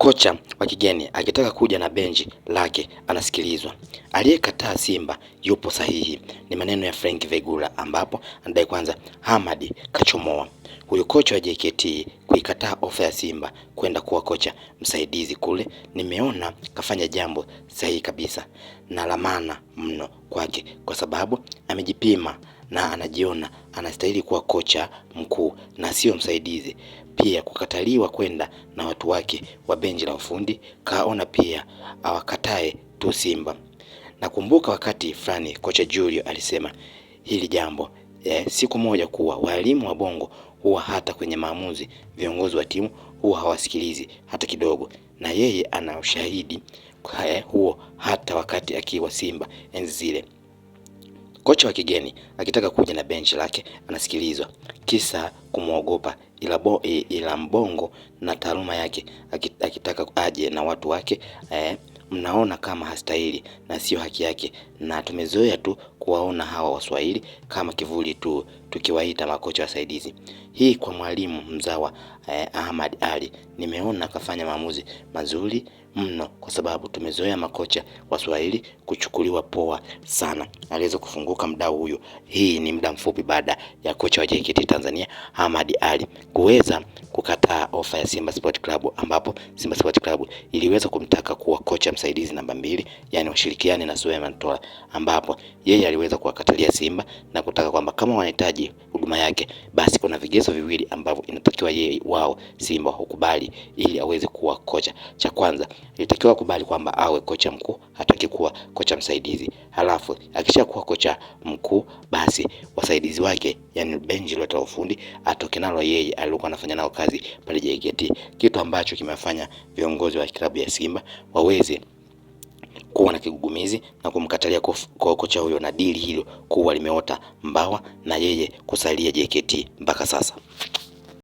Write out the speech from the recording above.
Kocha wa kigeni akitaka kuja na benchi lake anasikilizwa, aliyekataa Simba yupo sahihi, ni maneno ya Frank Vegula, ambapo anadai kwanza Hamadi kachomoa huyu kocha wa JKT kuikataa ofa ya Simba kwenda kuwa kocha msaidizi kule, nimeona kafanya jambo sahihi kabisa na la maana mno kwake, kwa sababu amejipima na anajiona anastahili kuwa kocha mkuu na sio msaidizi. Pia kukataliwa kwenda na watu wake wa benchi la ufundi, kaona pia awakatae tu Simba. Nakumbuka wakati fulani kocha Julio alisema hili jambo eh, siku moja kuwa walimu wa Bongo huwa hata kwenye maamuzi viongozi wa timu huwa hawasikilizi hata kidogo, na yeye ana ushahidi eh, huo hata wakati akiwa Simba enzi zile. Kocha wa kigeni akitaka kuja na benchi lake anasikilizwa, kisa kumwogopa, ila, bo, ila Mbongo na taaluma yake akitaka aje na watu wake eh, mnaona kama hastahili na sio haki yake, na tumezoea tu kuwaona hawa Waswahili kama kivuli tu, tukiwaita makocha wasaidizi. Hii kwa mwalimu mzawa eh, Ahmad Ali, nimeona kafanya maamuzi mazuri mno, kwa sababu tumezoea makocha Waswahili kuchukuliwa poa sana. Aliweza kufunguka mdau huyo. Hii ni muda mfupi baada ya kocha wa JKT Tanzania Ahmad Ali kuweza kukataa ofa ya Simba Sport Club, ambapo Simba Sport Club iliweza kumtaka kuwa kocha msaidizi namba mbili, yani washirikiane na Suleiman Tola, ambapo yeye aliweza kuwakatalia Simba na kutaka kwamba kama wanahitaji huduma yake, basi kuna vigezo viwili ambavyo inatakiwa yeye wao Simba hukubali ili aweze kuwa kocha. Cha kwanza ilitakiwa kubali kwamba awe kocha mkuu, hataki kuwa kocha msaidizi. Halafu akishakuwa kocha mkuu, basi wasaidizi wake, yani benchi la ufundi atoke nalo yeye alikuwa anafanya nao kazi pale JKT, kitu ambacho kimefanya viongozi wa klabu ya Simba waweze kuwa na kigugumizi na kumkatalia kwa kocha huyo, na dili hilo kuwa limeota mbawa na yeye kusalia JKT mpaka sasa.